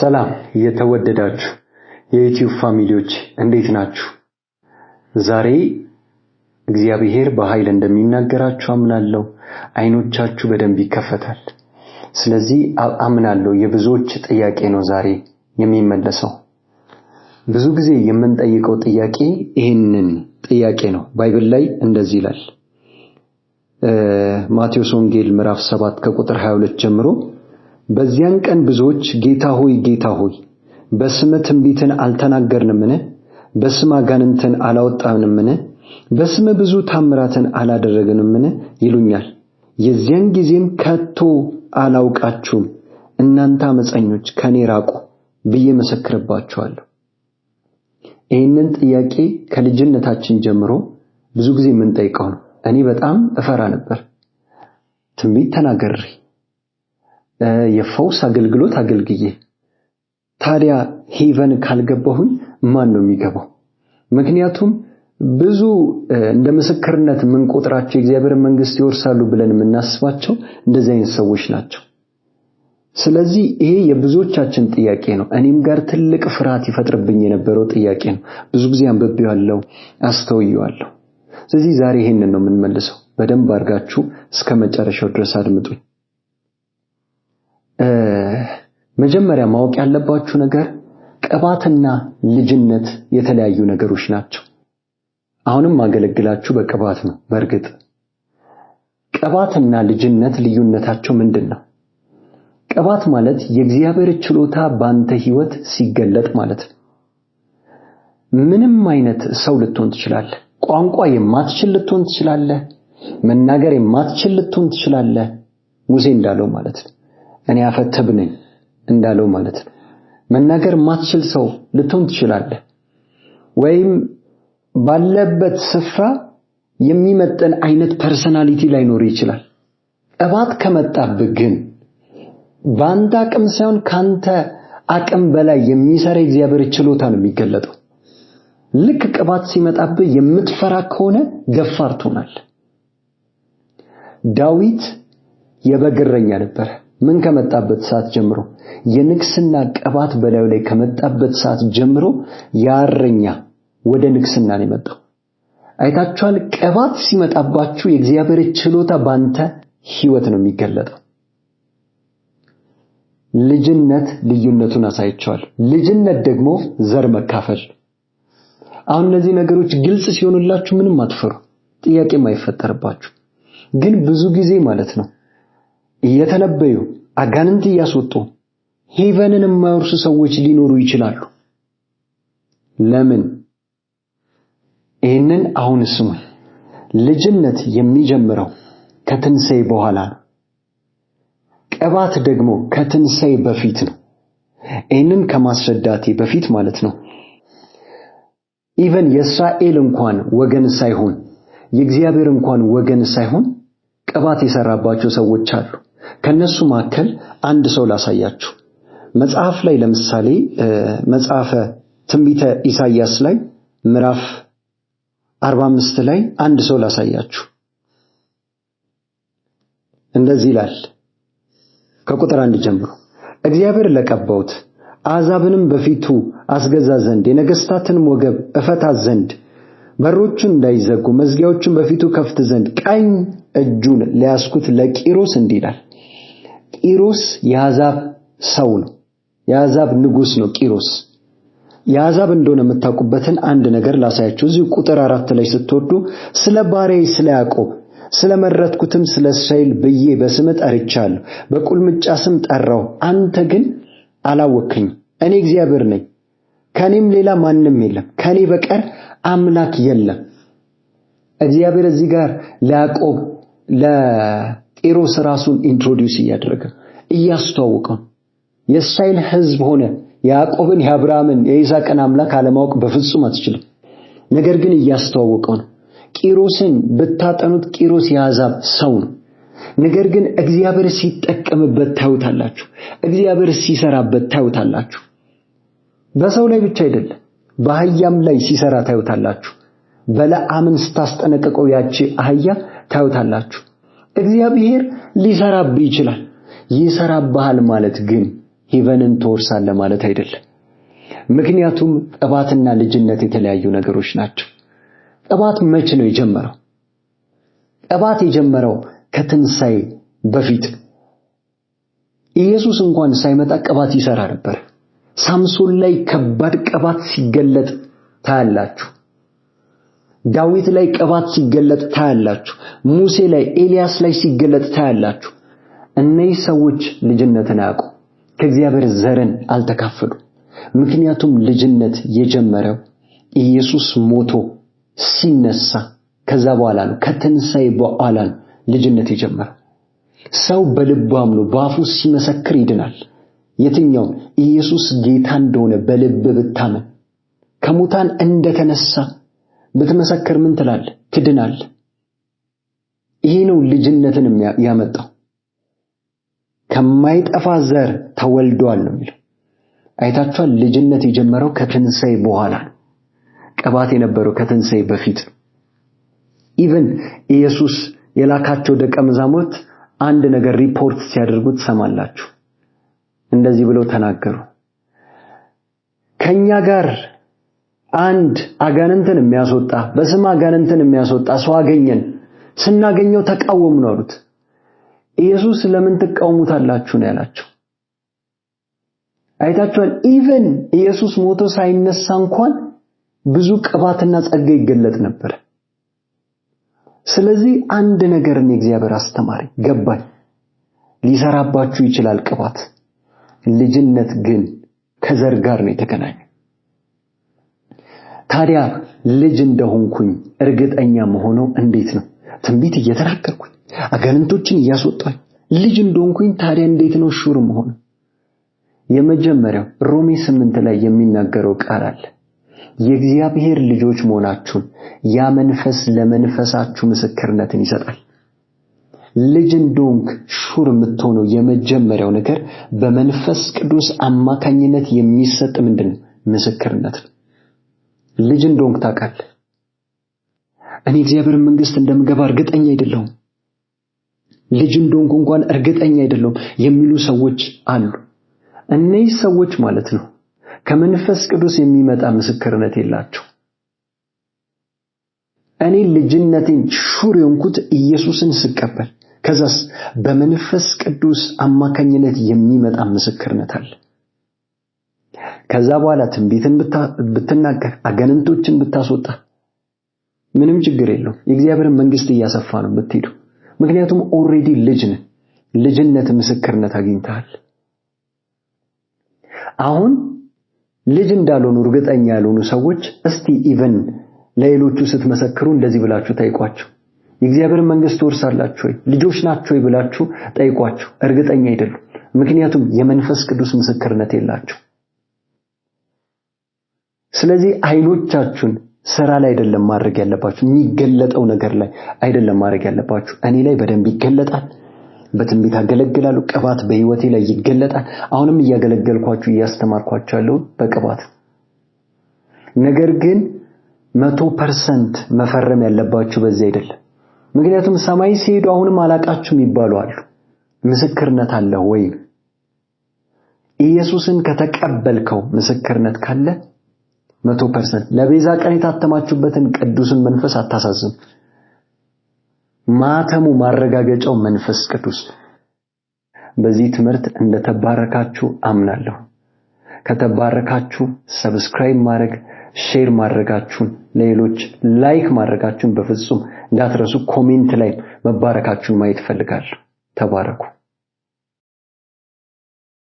ሰላም የተወደዳችሁ የዩቲዩብ ፋሚሊዎች እንዴት ናችሁ? ዛሬ እግዚአብሔር በኃይል እንደሚናገራችሁ አምናለሁ። አይኖቻችሁ በደንብ ይከፈታል። ስለዚህ አምናለሁ የብዙዎች ጥያቄ ነው ዛሬ የሚመለሰው። ብዙ ጊዜ የምንጠይቀው ጥያቄ ይህንን ጥያቄ ነው። ባይብል ላይ እንደዚህ ይላል ማቴዎስ ወንጌል ምዕራፍ 7 ከቁጥር 22 ጀምሮ በዚያን ቀን ብዙዎች ጌታ ሆይ ጌታ ሆይ በስመ ትንቢትን አልተናገርንምን? በስም አጋንንትን አላወጣንምን? በስም ብዙ ታምራትን አላደረግንምን? ይሉኛል። የዚያን ጊዜም ከቶ አላውቃችሁም እናንተ አመፀኞች ከኔ ራቁ ብዬ መሰክርባችኋለሁ። ይህንን ጥያቄ ከልጅነታችን ጀምሮ ብዙ ጊዜ የምንጠይቀው ነው። እኔ በጣም እፈራ ነበር ትንቢት ተናገሬ የፈውስ አገልግሎት አገልግዬ ታዲያ ሄቨን ካልገባሁኝ ማን ነው የሚገባው? ምክንያቱም ብዙ እንደ ምስክርነት የምንቆጥራቸው የእግዚአብሔር መንግስት ይወርሳሉ ብለን የምናስባቸው እንደዚህ አይነት ሰዎች ናቸው። ስለዚህ ይሄ የብዙዎቻችን ጥያቄ ነው። እኔም ጋር ትልቅ ፍርሃት ይፈጥርብኝ የነበረው ጥያቄ ነው። ብዙ ጊዜ አንብቤዋለሁ፣ አስተውየዋለሁ። ስለዚህ ዛሬ ይሄንን ነው የምንመልሰው። በደንብ አድርጋችሁ እስከ መጨረሻው ድረስ አድምጡኝ። መጀመሪያ ማወቅ ያለባችሁ ነገር ቅባትና ልጅነት የተለያዩ ነገሮች ናቸው። አሁንም ማገለግላችሁ በቅባት ነው። በእርግጥ ቅባትና ልጅነት ልዩነታቸው ምንድን ነው? ቅባት ማለት የእግዚአብሔር ችሎታ በአንተ ህይወት ሲገለጥ ማለት ነው። ምንም አይነት ሰው ልትሆን ትችላለህ። ቋንቋ የማትችል ልትሆን ትችላለህ። መናገር የማትችል ልትሆን ትችላለህ። ሙሴ እንዳለው ማለት ነው። እኔ አፈተብ ነኝ እንዳለው ማለት ነው። መናገር ማትችል ሰው ልትሆን ትችላለህ። ወይም ባለበት ስፍራ የሚመጠን አይነት ፐርሰናሊቲ ላይኖር ይችላል። እባት ከመጣብህ ግን በአንተ አቅም ሳይሆን ካንተ አቅም በላይ የሚሰራ እግዚአብሔር ችሎታ ነው የሚገለጠው። ልክ ቅባት ሲመጣብህ የምትፈራ ከሆነ ደፋር ትሆናለህ። ዳዊት የበግ እረኛ ነበር። ምን ከመጣበት ሰዓት ጀምሮ የንግስና ቅባት በላዩ ላይ ከመጣበት ሰዓት ጀምሮ ያረኛ ወደ ንግስና ነው የመጣው። አይታችኋል። ቅባት ሲመጣባችሁ የእግዚአብሔር ችሎታ ባንተ ህይወት ነው የሚገለጠው። ልጅነት ልዩነቱን አሳይቸዋል። ልጅነት ደግሞ ዘር መካፈል። አሁን እነዚህ ነገሮች ግልጽ ሲሆኑላችሁ ምንም አትፈሩ፣ ጥያቄም አይፈጠርባችሁ። ግን ብዙ ጊዜ ማለት ነው እየተነበዩ አጋንንት እያስወጡ ሄቨንን የማይወርሱ ሰዎች ሊኖሩ ይችላሉ። ለምን? ይህንን አሁን ስሙ። ልጅነት የሚጀምረው ከትንሣኤ በኋላ ነው። ቅባት ደግሞ ከትንሣኤ በፊት ነው። ይህንን ከማስረዳቴ በፊት ማለት ነው። ኢቨን የእስራኤል እንኳን ወገን ሳይሆን የእግዚአብሔር እንኳን ወገን ሳይሆን ቅባት የሰራባቸው ሰዎች አሉ። ከነሱ መካከል አንድ ሰው ላሳያችሁ። መጽሐፍ ላይ ለምሳሌ መጽሐፈ ትንቢተ ኢሳይያስ ላይ ምዕራፍ 45 ላይ አንድ ሰው ላሳያችሁ። እንደዚህ ይላል ከቁጥር አንድ ጀምሮ እግዚአብሔር ለቀባውት አሕዛብንም በፊቱ አስገዛ ዘንድ የነገሥታትንም ወገብ እፈታ ዘንድ በሮቹን እንዳይዘጉ መዝጊያዎቹን በፊቱ ከፍት ዘንድ ቀኝ እጁን ሊያስኩት ለቂሮስ እንዲህ ይላል። ቂሮስ ያዛብ ሰው ነው፣ የአሕዛብ ንጉሥ ነው። ቂሮስ የአሕዛብ እንደሆነ የምታውቁበትን አንድ ነገር ላሳያችሁ። እዚሁ ቁጥር አራት ላይ ስትወዱ ስለ ባሪያዬ ስለ ያዕቆብ ስለ መረጥኩትም ስለ እስራኤል ብዬ በስም ጠርቻለሁ፣ በቁልምጫ ስም ጠራው፣ አንተ ግን አላወክኝ። እኔ እግዚአብሔር ነኝ፣ ከእኔም ሌላ ማንም የለም፣ ከእኔ በቀር አምላክ የለም። እግዚአብሔር እዚህ ጋር ለያዕቆብ ለጢሮስ ራሱን ኢንትሮዲውስ እያደረገ እያስተዋወቀው የእስራኤል ሕዝብ ሆነ ያዕቆብን የአብርሃምን የይስሐቅን አምላክ አለማወቅ በፍጹም አትችልም። ነገር ግን እያስተዋወቀው ነው። ቂሮስን ብታጠኑት ቂሮስ የአሕዛብ ሰው ነው። ነገር ግን እግዚአብሔር ሲጠቀምበት ታዩታላችሁ። እግዚአብሔር ሲሰራበት ታዩታላችሁ። በሰው ላይ ብቻ አይደለም። በአህያም ላይ ሲሰራ ታዩታላችሁ። በለዓምን ስታስጠነቅቀው ያቺ አህያ ታዩታላችሁ። እግዚአብሔር ሊሰራብህ ይችላል። ይሰራብሃል ማለት ግን ሂቨንን ትወርሳለህ ማለት አይደለም። ምክንያቱም ጥባትና ልጅነት የተለያዩ ነገሮች ናቸው። ጥባት መች ነው የጀመረው? ጥባት የጀመረው ከትንሣኤ በፊት ኢየሱስ እንኳን ሳይመጣ ቅባት ይሰራ ነበር። ሳምሶን ላይ ከባድ ቅባት ሲገለጥ ታያላችሁ። ዳዊት ላይ ቅባት ሲገለጥ ታያላችሁ። ሙሴ ላይ፣ ኤልያስ ላይ ሲገለጥ ታያላችሁ። እነዚህ ሰዎች ልጅነትን አያውቁ፣ ከእግዚአብሔር ዘርን አልተካፈሉ። ምክንያቱም ልጅነት የጀመረው ኢየሱስ ሞቶ ሲነሳ ከዛ በኋላ ነው፣ ከትንሣኤ በኋላ ልጅነት የጀመረው። ሰው በልቡ አምኖ በአፉ ሲመሰክር ይድናል። የትኛውን ኢየሱስ ጌታ እንደሆነ በልብ ብታመን ከሙታን እንደተነሳ ብትመሰክር ምን ትላል? ትድናል። ይሄ ነው ልጅነትን ያመጣው። ከማይጠፋ ዘር ተወልዷል ነው የሚለው። አይታችኋል። ልጅነት የጀመረው ከትንሣኤ በኋላ ነው። ቅባት የነበረው ከትንሣኤ በፊት ነው። ኢቨን ኢየሱስ የላካቸው ደቀ መዛሙርት አንድ ነገር ሪፖርት ሲያደርጉት ትሰማላችሁ። እንደዚህ ብለው ተናገሩ። ከኛ ጋር አንድ አጋንንትን የሚያስወጣ በስም አጋንንትን የሚያስወጣ ሰው አገኘን፣ ስናገኘው ተቃወም ነው አሉት። ኢየሱስ ለምን ትቃወሙታላችሁ ነው ያላቸው። አይታችኋል። ኢቨን ኢየሱስ ሞቶ ሳይነሳ እንኳን ብዙ ቅባትና ጸጋ ይገለጥ ነበር። ስለዚህ አንድ ነገር ነው እግዚአብሔር አስተማሪ ገባኝ። ሊሰራባችሁ ይችላል ቅባት ልጅነት ግን ከዘር ጋር ነው የተገናኘ። ታዲያ ልጅ እንደሆንኩኝ እርግጠኛ መሆነው እንዴት ነው? ትንቢት እየተናገርኩኝ አጋንንቶችን እያስወጣኝ ልጅ እንደሆንኩኝ ታዲያ እንዴት ነው ሹር መሆነው የመጀመሪያው ሮሜ ስምንት ላይ የሚናገረው ቃል አለ። የእግዚአብሔር ልጆች መሆናችሁን ያ መንፈስ ለመንፈሳችሁ ምስክርነትን ይሰጣል። ልጅ እንደሆንክ ሹር የምትሆነው የመጀመሪያው ነገር በመንፈስ ቅዱስ አማካኝነት የሚሰጥ ምንድን ነው? ምስክርነት ነው። ልጅ እንደሆንክ ታውቃለህ። እኔ እግዚአብሔር መንግስት እንደምገባ እርግጠኛ አይደለሁም፣ ልጅ እንደሆንኩ እንኳን እርግጠኛ አይደለሁም የሚሉ ሰዎች አሉ። እነዚህ ሰዎች ማለት ነው ከመንፈስ ቅዱስ የሚመጣ ምስክርነት የላቸው። እኔ ልጅነቴን ሹር የሆንኩት ኢየሱስን ስቀበል ከዛስ በመንፈስ ቅዱስ አማካኝነት የሚመጣ ምስክርነት አለ። ከዛ በኋላ ትንቢትን ብትናገር፣ አገንንቶችን ብታስወጣ ምንም ችግር የለው። የእግዚአብሔር መንግስት እያሰፋ ነው የምትሄዱ። ምክንያቱም ኦሬዲ ልጅ ነህ። ልጅነት ምስክርነት አግኝተሃል። አሁን ልጅ እንዳልሆኑ እርግጠኛ ያልሆኑ ሰዎች እስቲ ኢቨን ለሌሎቹ ስትመሰክሩ እንደዚህ ብላችሁ ታይቋቸው። የእግዚአብሔር መንግስት ትወርሳላችሁ ወይ ልጆች ናቸው ብላችሁ ጠይቋችሁ እርግጠኛ አይደሉም። ምክንያቱም የመንፈስ ቅዱስ ምስክርነት የላቸው። ስለዚህ አይኖቻችሁን ስራ ላይ አይደለም ማድረግ ያለባችሁ፣ የሚገለጠው ነገር ላይ አይደለም ማድረግ ያለባችሁ። እኔ ላይ በደንብ ይገለጣል። በትንቢት አገለግላለሁ። ቅባት በህይወቴ ላይ ይገለጣል። አሁንም እያገለገልኳችሁ እያስተማርኳችሁ ያለው በቅባት ነገር ግን መቶ ፐርሰንት መፈረም ያለባችሁ በዚህ አይደለም። ምክንያቱም ሰማይ ሲሄዱ አሁንም አላቃችሁም ይባሉ አሉ። ምስክርነት አለ ወይ? ኢየሱስን ከተቀበልከው ምስክርነት ካለ መቶ ፐርሰንት ለቤዛ ቀን የታተማችሁበትን ቅዱስን መንፈስ አታሳዝም። ማተሙ ማረጋገጫው መንፈስ ቅዱስ። በዚህ ትምህርት እንደተባረካችሁ አምናለሁ። ከተባረካችሁ ሰብስክራይብ ማድረግ ሼር ማድረጋችሁን ለሌሎች ላይክ ማድረጋችሁን በፍጹም እንዳትረሱ። ኮሜንት ላይ መባረካችሁን ማየት እፈልጋለሁ። ተባረኩ።